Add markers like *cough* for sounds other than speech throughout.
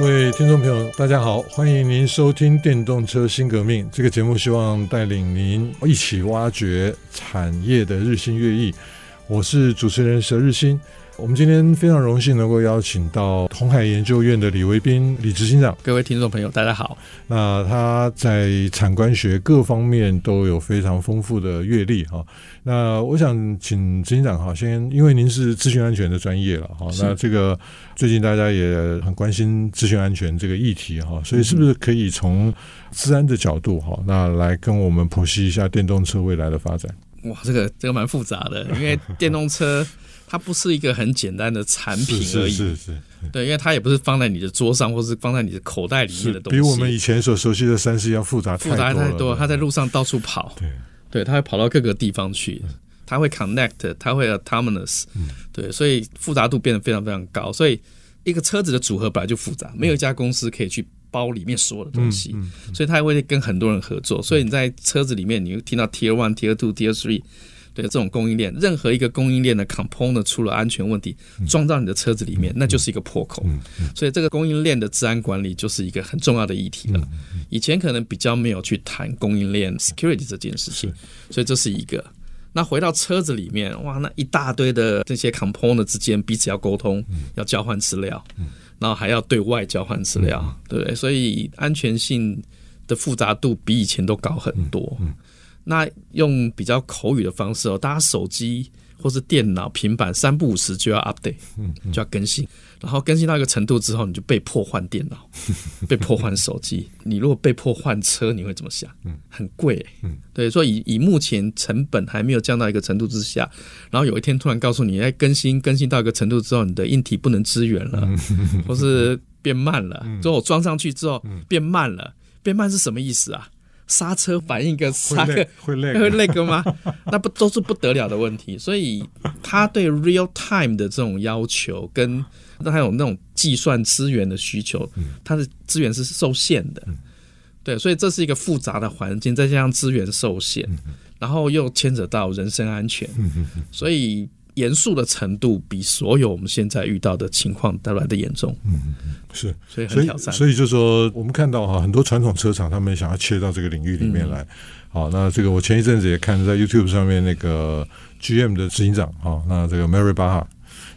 各位聽眾朋友，大家好，歡迎您收聽《電動車新革命》這個節目，希望帶領您一起挖掘產業的日新月異。我是主持人佘日新。我們今天非常榮幸能夠邀請到鴻海研究院的李維斌李執行長。各位聽眾朋友，大家好。那他在產官學各方面都有非常豐富的閱歷哈。那我想請執行長哈先，因為您是資訊安全的專業了哈。那這個最近大家也很關心資訊安全這個議題哈，所以是不是可以從資安的角度哈、嗯，那來跟我們剖析一下電動車未來的發展？哇，這個這個蠻複雜的，因為電動車。 *laughs* 它不是一個很簡單的產品而已，是是是，對，因為它也不是放在你的桌上，或是放在你的口袋裡面的東西。比我們以前所熟悉的三 S 要複雜太多，複雜太多。它在路上到處跑，對，它會跑到各個地方去，它會 connect，它會 autonomous，對，所以複雜度變得非常非常高。所以一個車子的組合本來就複雜，沒有一家公司可以去包裡面所有的東西，所以它還會跟很多人合作。所以你在車子裡面，你會聽到 tier one，tier two，tier three。對，這種供應鏈，任何一個供應鏈的 component 出了安全問題，裝到你的車子裡面，嗯、那就是一個破口、嗯嗯。所以這個供應鏈的資安管理就是一個很重要的議題了。嗯嗯、以前可能比較沒有去談供應鏈 security 這件事情，嗯、所以這是一個。那回到車子裡面，哇，那一大堆的這些 component 之間彼此要溝通，嗯嗯、要交換資料、嗯嗯，然後還要對外交換資料，對、嗯、不對？所以安全性的複雜度比以前都高很多。嗯嗯嗯那用比較口語的方式哦，大家手機或是電腦、平板三不五時就要 update，就要更新，然後更新到一個程度之後，你就被迫換電腦，被迫換手機。你如果被迫換車，你會怎麼想？很貴、欸，對。所以以以目前成本還沒有降到一個程度之下，然後有一天突然告訴你，哎，更新更新到一個程度之後，你的硬體不能支援了，或是變慢了。所以我裝上去之後變慢了，變慢是什麼意思啊？剎車反應個剎車會累、會累個嗎？ *laughs* 那不都是不得了的問題。所以他對 real time 的這種要求，跟那還有那種計算資源的需求，它的資源是受限的。對，所以這是一個複雜的環境，再加上資源受限，然後又牽扯到人身安全，所以。嚴肅的程度比所有我們現在遇到的情況都來得嚴重，嗯，是，所以很挑戰，所以，所以就是說我們看到哈、啊，很多傳統車廠他們想要切到這個領域裡面來，嗯、好，那這個我前一陣子也看在 YouTube 上面那個 GM 的執行長啊，那這個 Mary Barra，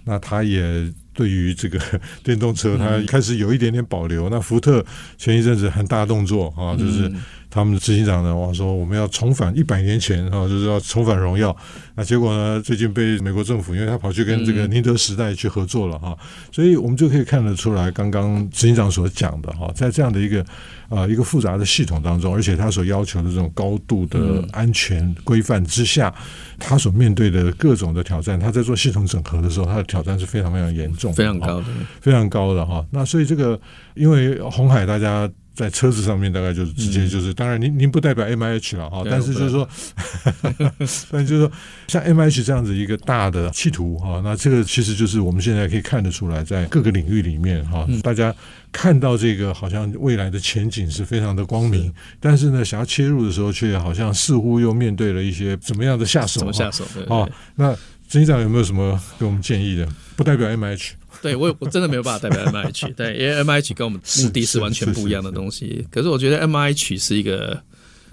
那他也對於這個電動車他開始有一點點保留，嗯、那福特前一陣子很大動作啊，就是。他們的執行長呢？我說我們要重返一百年前哈，就是要重返榮耀。那結果呢？最近被美國政府，因為他跑去跟這個寧德時代去合作了哈，所以我們就可以看得出來，剛剛執行長所講的哈，在這樣的一個啊一個複雜的系統當中，而且他所要求的這種高度的安全規範之下，他所面對的各種的挑戰，他在做系統整合的時候，他的挑戰是非常非常嚴重，非常高的，非常高的哈。那所以這個，因為鴻海大家。在車子上面大概就是直接就是，嗯、當然您您不代表 M I H 了啊、嗯，但是就是說， *laughs* 但是就是說像 M I H 這樣子一個大的企圖啊，那這個其實就是我們現在可以看得出來，在各個領域裡面哈、嗯，大家看到這個好像未來的前景是非常的光明，是但是呢，想要切入的時候卻好像似乎又面對了一些怎麼樣的下手？怎麼下手啊、哦哦？那李局長有沒有什麼給我們建議的？不代表 M I H。對，我我真的沒有辦法代表 M I H， *laughs* 對，因為 M I H 跟我們目的是完全不一樣的東西。是是是是可是我覺得 M I H 是一個，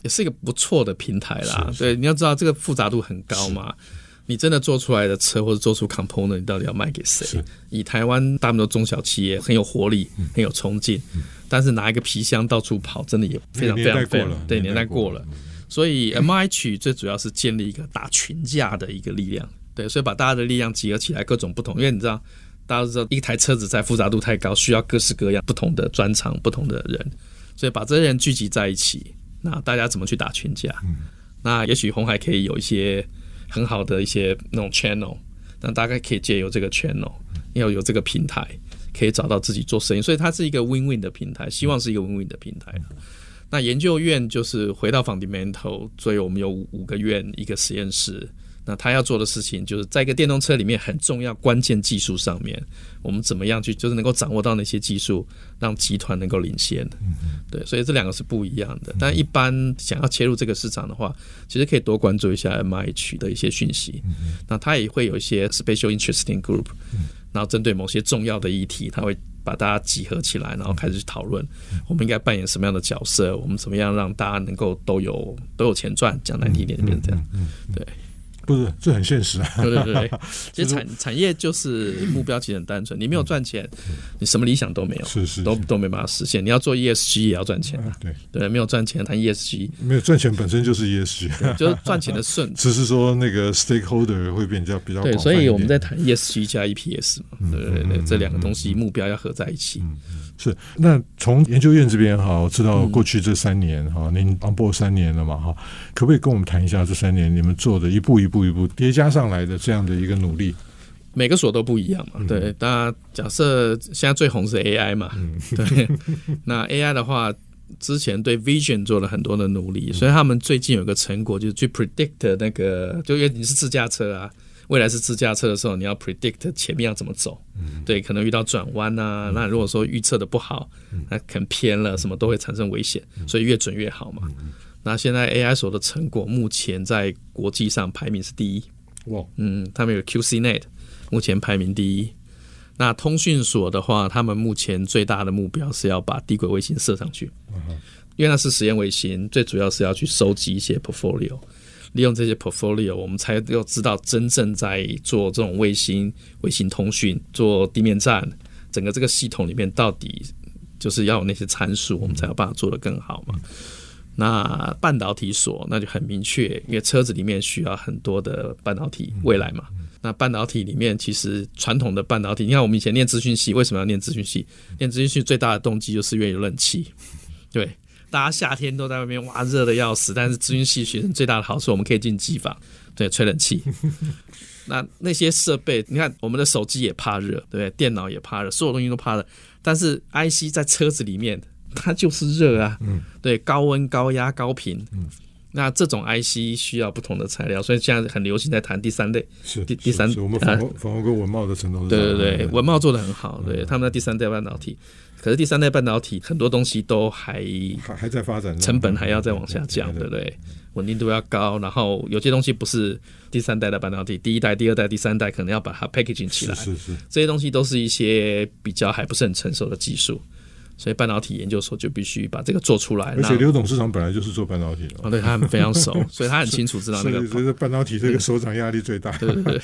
也是一個不錯的平台啦。對，你要知道這個複雜度很高嘛，你真的做出來的車或者做出 component，你到底要賣給誰？以台灣大部分中小企業很有活力，很有衝勁、嗯嗯，但是拿一個皮箱到處跑，真的也非常非常過了，對，年代過,過了。所以 M I H 最主要是建立一個打群架的一個力量， *laughs* 對，所以把大家的力量集合起來，各種不同，因為你知道。大家知道，一台車子在複雜度太高，需要各式各樣不同的專長、不同的人，所以把這些人聚集在一起，那大家怎麼去打群架？嗯、那也許鴻海可以有一些很好的一些那種 channel，但大概可以借由這個 channel，要有這個平台，可以找到自己做生意，所以它是一個 win-win 的平台，希望是一個 win-win 的平台，嗯。那研究院就是回到 fundamental，所以我們有五個院，一個實驗室。那他要做的事情，就是在一個電動車裡面很重要、關鍵技術上面，我們怎麼樣去，就是能夠掌握到那些技術，讓集團能夠領先，對，所以這兩個是不一樣的。但一般想要切入這個市場的話，其實可以多關注一下 MIH 的一些訊息。那他也會有一些 special interesting group，然後針對某些重要的議題，他會把大家集合起來，然後開始去討論。我們應該扮演什麼樣的角色？我們怎麼樣讓大家能夠都有都有錢賺？講難聽一點，就變成這樣。對。不是，這很現實啊。對對對，其實產產業就是目標其實很單純，你沒有賺錢，你什麼理想都沒有，是是是，都都沒辦法實現。你要做 ESG 也要賺錢啊，啊對對，沒有賺錢談 ESG，沒有賺錢本身就是 ESG，就是賺錢的順。只是說那個 stakeholder 會變比較比較廣，所以我們在談 ESG 加 EPS 嘛，嗯，對對對，這兩個東西目標要合在一起。嗯嗯嗯是，那從研究院這邊哈，我知道過去這三年哈、嗯，您忙過三年了嘛哈，可不可以跟我們談一下這三年你們做的一步一步一步疊加上來的這樣的一個努力？每個所都不一樣嘛，嗯、對。那假設現在最紅是 AI 嘛，嗯、對。 *laughs* 那 AI 的話，之前對 Vision 做了很多的努力，所以他們最近有個成果，就是去 predict 那個，就因為你是自駕車啊。未來是自駕車的時候，你要 predict 前面要怎麼走，嗯、對，可能遇到轉彎啊，嗯、那如果說預測的不好，嗯、那可能偏了，什麼都會產生危險，嗯、所以越準越好嘛、嗯。那現在 AI 所的成果目前在國際上排名是第一，哇，嗯，他們有 QCNet，目前排名第一。那通訊所的話，他們目前最大的目標是要把低軌衛星射上去，因為那是實驗衛星，最主要是要去收集一些 portfolio。利用這些 portfolio，我們才要知道真正在做這種衛星、衛星通訊、做地面站，整個這個系統裡面到底就是要有那些參數，我們才有辦法做得更好嘛。那半導體所那就很明確，因為車子裡面需要很多的半導體，未來嘛。那半導體裡面其實傳統的半導體，你看我們以前念資訊系，為什麼要念資訊系？念資訊系最大的動機就是要有冷氣，對。大家夏天都在外面哇，熱得要死。但是資訊系學生最大的好處，我們可以進機房，對，吹冷氣。 *laughs* 那那些設備，你看我們的手機也怕熱，對，電腦也怕熱，所有東西都怕熱。但是 IC 在車子裡面，它就是熱啊。對，高溫、嗯、高壓、高頻、嗯。那這種 IC 需要不同的材料，所以現在很流行在談第三類，是第第三。呃、我們防護跟穩懋的程度，對對對，嗯、穩懋做得很好，嗯、對、嗯，他們的第三代半導體。可是第三代半導體很多東西都還還在發展，成本還要再往下降，對不對？對？穩定度要高，然後有些東西不是第三代的半導體，第一代、第二代、第三代可能要把它 packaging 起來，是是是，這些東西都是一些比較還不是很成熟的技術。所以半導體研究所就必須把這個做出來。而且劉董事長本來就是做半導體的，哦、嗯啊，對他們非常熟， *laughs* 所以他很清楚知道這、那個。所以半導體這個所長壓力最大。 *laughs* 對對對。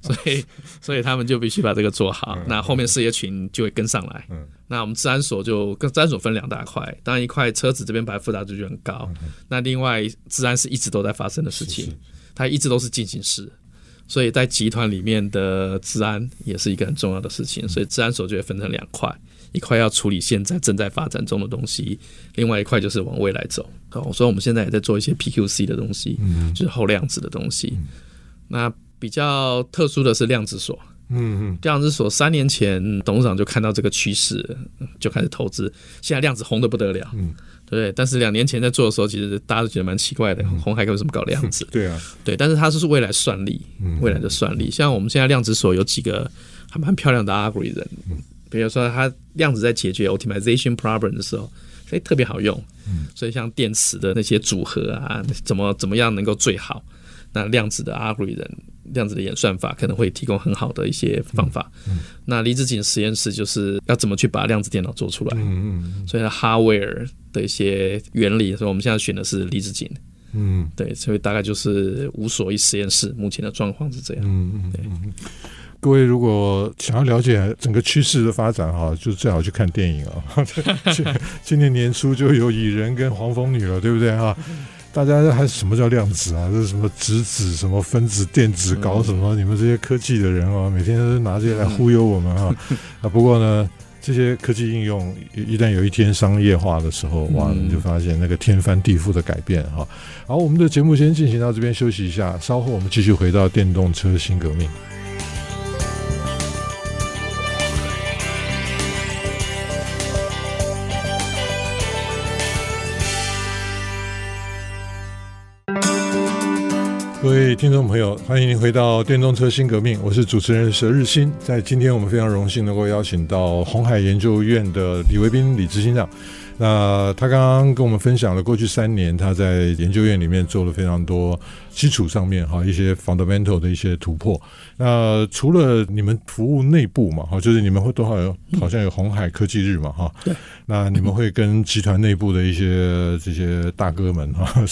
所以所以他們就必須把這個做好、嗯，那後面事業群就會跟上來。嗯、那我們資安所就跟資安所分兩大塊，當然一塊車子這邊，本來複雜度就很高。嗯、那另外資安是一直都在發生的事情，是是它一直都是進行式，所以在集團裡面的資安也是一個很重要的事情，所以資安所就會分成兩塊。一塊要處理現在正在發展中的東西，另外一塊就是往未來走。好，所以我們現在也在做一些 PQC 的東西，嗯、就是後量子的東西、嗯。那比較特殊的是量子所。嗯嗯，量子所三年前董事長就看到這個趨勢，就開始投資。現在量子紅得不得了，對、嗯、對，但是兩年前在做的時候，其實大家都覺得蠻奇怪的，嗯、鴻海公司為什麼搞量子？對啊，對。但是它就是未來算力，未來的算力。嗯、像我們現在量子所，有幾個還蠻漂亮的 algorithm 人。比如說，它量子在解決 optimization problem 的時候，哎、欸，特別好用、嗯。所以像電池的那些組合啊，嗯、怎麼怎麼樣能夠最好？那量子的 algorithm，量子的演算法可能會提供很好的一些方法。嗯嗯、那離子阱實驗室就是要怎麼去把量子電腦做出來嗯？嗯，所以 hardware 的一些原理，所以我們現在選的是離子阱。嗯對，所以大概就是無所謂實驗室目前的狀況是這樣。嗯嗯,嗯，對。各位如果想要了解整個趨勢的發展哈，就最好去看電影啊。 *laughs* 今今年年初就有蟻人跟黃蜂女了，對不對哈？大家還什麼叫量子啊？這是什麼質子、子、什麼分子、電子，搞什麼？嗯、你們這些科技的人啊，每天都是拿這些來忽悠我們啊，嗯、不過呢，這些科技應用一旦有一天商業化的時候，哇，你就發現那個天翻地覆的改變哈。好，我們的節目先進行到這邊，休息一下，稍後我們繼續回到電動車新革命。各位聽眾朋友，歡迎您回到《電動車新革命》，我是主持人佘日新。在今天我們非常榮幸能夠邀請到鴻海研究院的李維斌、李執行長。那他剛剛跟我們分享了過去三年他在研究院裡面做了非常多基礎上面哈一些 fundamental 的一些突破。那除了你們服務內部嘛哈，就是你們會多少有好像有鴻海科技日嘛哈。對。那你們會跟集團內部的一些這些大哥們哈，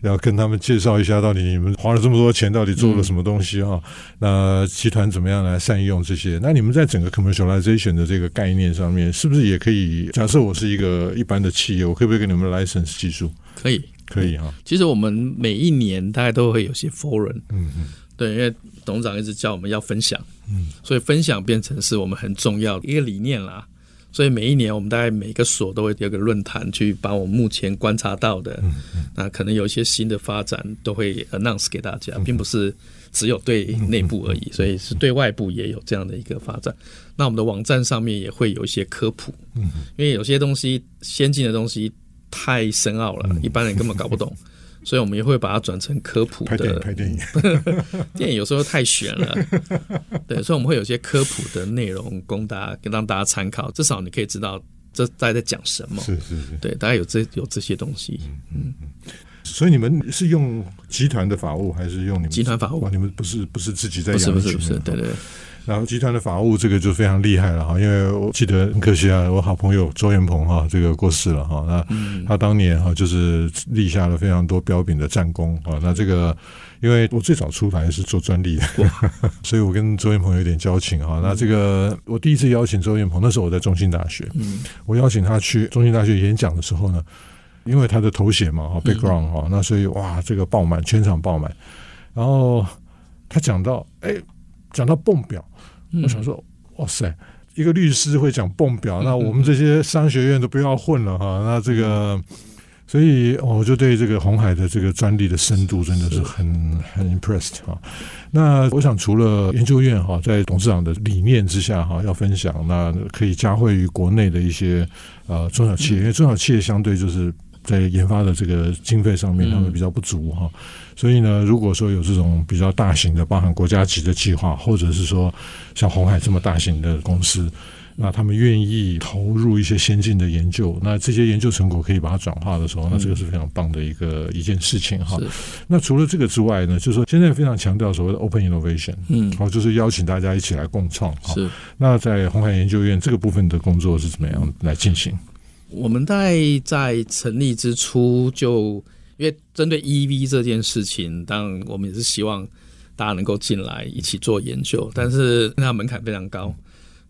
要跟他們介紹一下到底你們花了這麼多錢到底做了什麼東西啊？那集團怎麼樣來善用這些？那你們在整個 commercialization 的這個概念上面，是不是也可以假設我是一個？一般的企業，我、嗯、可以不可以給你們來 s e 技術？可以，可以哈、嗯哦。其實我們每一年大概都會有些 f o r i g n 嗯，嗯，對，因為董事長一直叫我們要分享，嗯，所以分享變成是我們很重要的一個理念啦。所以每一年我們大概每個所都會有個論壇，去把我們目前觀察到的、嗯嗯，那可能有一些新的發展都會 announce 給大家，嗯、並不是。只有對內部而已、嗯，所以是對外部也有這樣的一個發展、嗯。那我們的網站上面也會有一些科普，嗯，因為有些東西先進的東西太深奧了、嗯，一般人根本搞不懂，嗯、所以我們也會把它轉成科普的。拍電影，拍電影， *laughs* 電影有時候太玄了、嗯，對，所以我們會有些科普的內容供大家讓大家參考，至少你可以知道這大家在講什麼。是是是，對，大家有這有這些東西，嗯。所以你們是用集團的法務，還是用你們集團法務？你們不是不是自己在養？不是不是不是。對對，對。然後集團的法務這個就非常厲害了哈，因為我記得很可惜啊，我好朋友周延鵬哈，這個過世了哈。那他當年哈就是立下了非常多彪炳的戰功啊、嗯。那這個因為我最早出來是做專利的， *laughs* 所以我跟周延鵬有點交情哈。那這個，我第一次邀請周延鵬，那時候我在中興大學，嗯、我邀請他去中興大學演講的時候呢。因為他的頭銜嘛，哈，background 哈、嗯，那所以哇，這個爆滿，全場爆滿。然後他講到，哎，講到 BOM 表、嗯，我想說，哇塞，一個律師會講 BOM 表、嗯，那我們這些商學院都不要混了哈、嗯。那這個、嗯，所以我就對這個鴻海的這個專利的深度真的是很是很 impressed 哈。那我想，除了研究院哈，在董事長的理念之下哈，要分享，那可以加惠於國內的一些呃中小企業，因為中小企業相對就是。在研發的這個經費上面，他們比較不足哈、嗯。所以呢，如果說有這種比較大型的、包含國家級的計劃，或者是說像鴻海這麼大型的公司，那他們願意投入一些先進的研究，那這些研究成果可以把它轉化的時候，那這個是非常棒的一個、嗯、一件事情哈。那除了這個之外呢，就是說現在非常強調所謂的 open innovation，嗯，好，就是邀請大家一起來共創。是。那在鴻海研究院這個部分的工作是怎麼樣來進行？我們在在成立之初就，就因為針對 EV 這件事情，當然我們也是希望大家能夠進來一起做研究，但是那門檻非常高。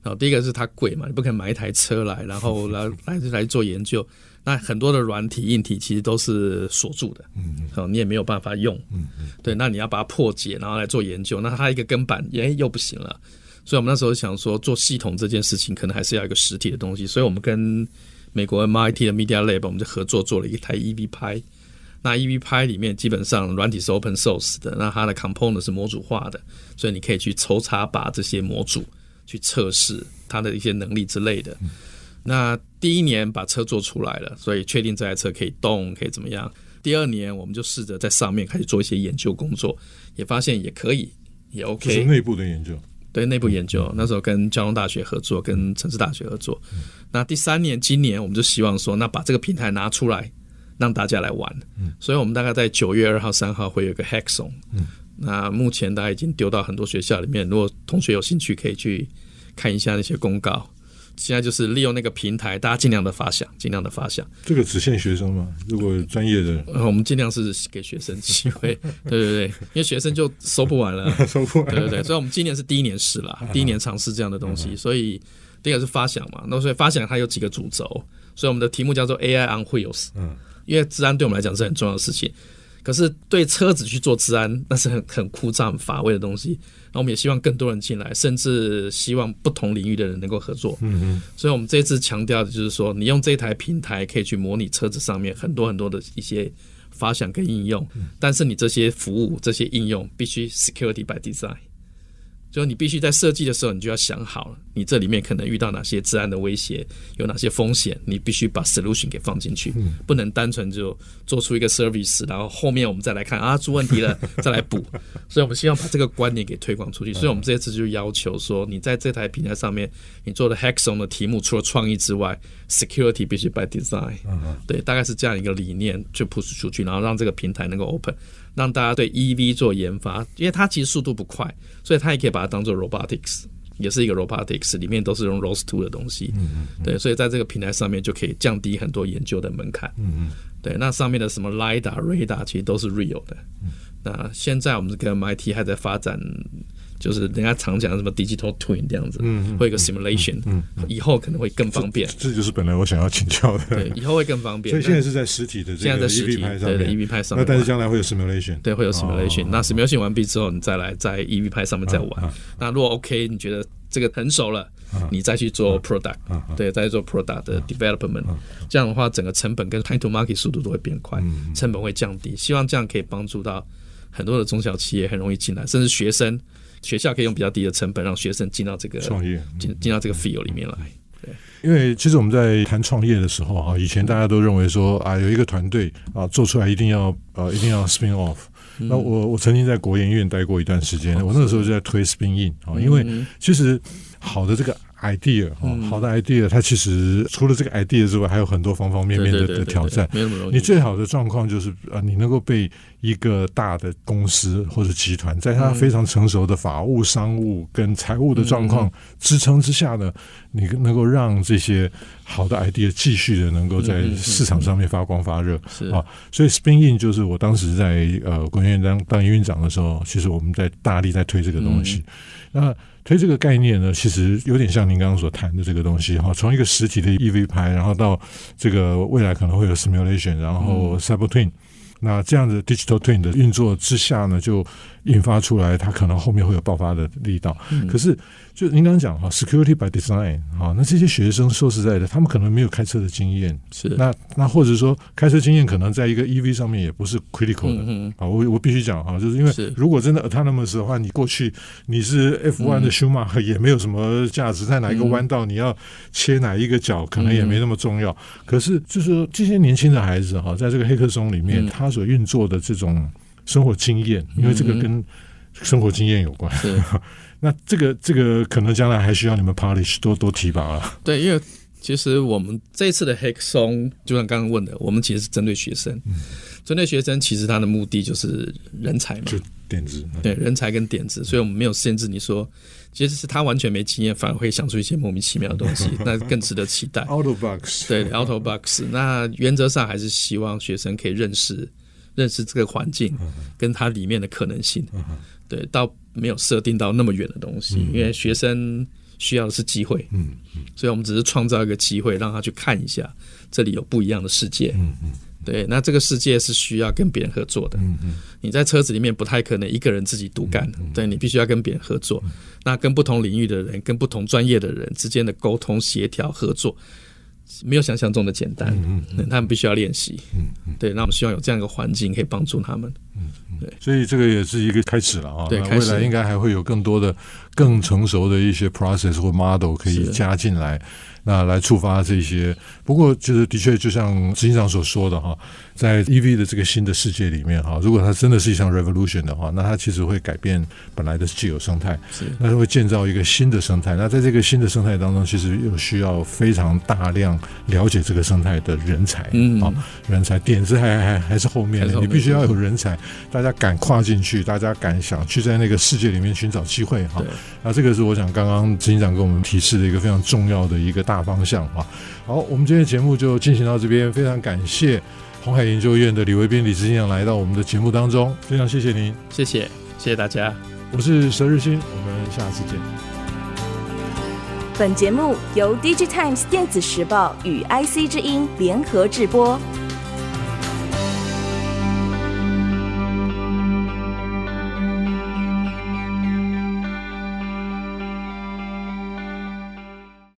然後第一個是它貴嘛，你不可能買一台車來，然後來是是是是來來，來做研究。那很多的軟體硬體其實都是鎖住的，嗯、嗯、嗯，你也沒有辦法用，嗯嗯對，那你要把它破解，然後來做研究，那它一個根本，欸又不行了。所以，我們那時候想說，做系統這件事情，可能還是要一個實體的東西。所以我們跟美國 MIT 的 Media Lab，我們就合作做了一台 EVπ。那 EVπ 裡面基本上軟體是 Open Source 的，那它的 Component 是模組化的，所以你可以去抽查把這些模組去測試它的一些能力之類的，嗯。那第一年把車做出來了，所以確定這台車可以動，可以怎麼樣？第二年我們就試着在上面開始做一些研究工作，也發現也可以，也 OK。就是內部的研究？對，內部研究，嗯。那時候跟交通大學合作，跟城市大學合作。嗯那第三年，今年我們就希望說，那把這個平台拿出來讓大家來玩。嗯，所以我們大概在九月二號、三號會有一個 hacksong。嗯，那目前大家已經丟到很多學校裡面，如果同學有興趣，可以去看一下那些公告。現在就是利用那個平台，大家儘量的發想，儘量的發想。這個只限學生嗎？如果專業的、嗯，我們儘量是給學生機會。 *laughs* 對對對，因為學生就收不完了， *laughs* 收不完。對對對，所以我們今年是第一年試啦， *laughs* 第一年嘗試這樣的東西，所以。第二個是發想嘛，那所以發想它有幾個主軸，所以我們的題目叫做 AI on wheels，因為資安對我們來講是很重要的事情，可是對車子去做資安，那是很很枯燥、乏味的東西。那我們也希望更多人進來，甚至希望不同領域的人能夠合作。嗯嗯，所以我們這一次強調的就是說，你用這台平台可以去模擬車子上面很多很多的一些發想跟應用、嗯，但是你這些服務、這些應用必須 security by design。就以，你必須在設計的時候，你就要想好了，你這裡面可能遇到哪些治安的威脅，有哪些風險，你必須把 solution 給放進去，不能單純就做出一個 service，然後後面我們再來看啊，出問題了再來補。 *laughs* 所以我們希望把這個觀念給推廣出去，所以我們這次就要求說，你在這台平台上面，你做的 h a c k a o n 的題目除了創意之外，security 必須 by design， *laughs* 對，大概是這樣一個理念去鋪 h 出去，然後讓這個平台能夠 open。讓大家對 EV 做研發，因為它其實速度不快，所以它也可以把它當做 robotics，也是一個 robotics，裡面都是用 ROS2 的東西，嗯嗯嗯對，所以在這個平台上面就可以降低很多研究的門檻，嗯嗯對，那上面的什麼 lidar radar 其實都是 real 的，嗯嗯那現在我們跟 MIT 還在發展。就是人家常講什麼 digital twin 這樣子，嗯，會有個 simulation，嗯，嗯，嗯，以後可能會更方便這。這就是本來我想要請教的。對，以後會更方便。所以現在是在實體的這個，現在在實體這個 EVπ 上，對，EVπ 上面。那但是將來會有 simulation，對，會有 simulation，哦。那 simulation 完畢之後，你再來在 EVπ 上面再玩，哦哦。那如果 OK，你覺得這個很熟了，哦，你再去做 product，哦，對，再去做 product 的 development，哦哦。這樣的話，整個成本跟 time to market 速度都會變快，嗯，成本會降低。希望這樣可以幫助到很多的中小企業很容易進來，甚至學生。學校可以用比較低的成本讓學生進到這個創業，進進到這個 field 裡面來。對，因為其實我們在談創業的時候啊，以前大家都認為說啊，有一個團隊啊做出來一定要啊，一定要 spin off。 *laughs* 那我我曾經在國研院待過一段時間， *laughs* 我那個時候就在推 spin in 啊，因為其實好的這個。idea 哦，好的 idea，它其實除了這個 idea 之外，還有很多方方面面的的挑戰。沒你最好的狀況就是呃，你能夠被一個大的公司或者集團，在它非常成熟的法務、商務跟財務的狀況支撐之下呢，你能夠讓這些好的 idea 繼續的能夠在市場上面發光發熱啊。所以，spin in 就是我當時在呃國務院當當院長的時候，其實我們在大力在推這個東西。那所以這個概念呢，其實有點像您剛剛所談的這個東西哈，從一個實體的 EVπ，然後到這個未來可能會有 simulation，然後 subtwin、嗯那這樣子 digital train 的 digital twin 的運作之下呢，就引發出來，它可能後面會有爆發的力道、嗯。可是，就您剛講哈，security by design 啊，那這些學生說實在的，他們可能沒有開車的經驗。是。那那或者說開車經驗可能在一個 EV 上面也不是 critical 的。嗯啊，我我必須講啊，就是因為如果真的 autonomous 的話，你過去你是 F1 的 Schumacher 也沒有什麼價值，在哪一個彎道你要切哪一個角，可能也沒那麼重要。可是就是說這些年輕的孩子哈、啊，在這個黑客松裡面、嗯，他所運作的這種生活經驗，因為這個跟生活經驗有關。Mm -hmm. *laughs* 那這個這個可能將來還需要你們 polish 多多提拔啊。對，因為其實我們這一次的 Hackathon 就像剛剛問的，我們其實是針對學生，針、mm -hmm. 對學生，其實他的目的就是人才嘛，就點子，點子。對，人才跟點子，所以我們沒有限制你說，其實是他完全沒經驗，反而會想出一些莫名其妙的東西， *laughs* 那更值得期待。AutoBox，對、wow. AutoBox，那原則上還是希望學生可以認識。認識這個環境，跟它裡面的可能性，對，倒沒有設定到那麼遠的東西，因為學生需要的是機會，嗯，所以我們只是創造一個機會，讓他去看一下這裡有不一樣的世界，嗯嗯，對，那這個世界是需要跟別人合作的，嗯嗯，你在車子裡面不太可能一個人自己獨幹，對，你必須要跟別人合作，那跟不同領域的人、跟不同專業的人之間的溝通、協調、合作。沒有想象中的簡單。嗯嗯，嗯，他們必須要練習。嗯，嗯，對，那我們希望有這樣一個環境可以幫助他們，嗯，嗯，對，所以這個也是一個開始了啊，對，未來應該還會有更多的更成熟的一些 process 或 model 可以加進來。那來觸發這些，不過就是的確，就像執行長所說的哈，在 EV 的這個新的世界裡面哈，如果它真的是一項 revolution 的話，那它其實會改變本來的既有生態，是，那它會建造一個新的生態。那在這個新的生態當中，其實又需要非常大量了解這個生態的人才，嗯，好，人才點子還還還是後面的，你必須要有人才，大家敢跨進去，大家敢想，去在那個世界裡面尋找機會哈。那這個是我想剛剛執行長跟我們提示的一個非常重要的一個。大方向啊！好，我們今天的節目就進行到這邊，非常感謝鴻海研究院的李維斌、李執行長來到我們的節目當中，非常謝謝您，謝謝，謝謝大家。我是佘日新，我們下次見。本節目由 DigiTimes 電子時報與 IC 之音聯合制播。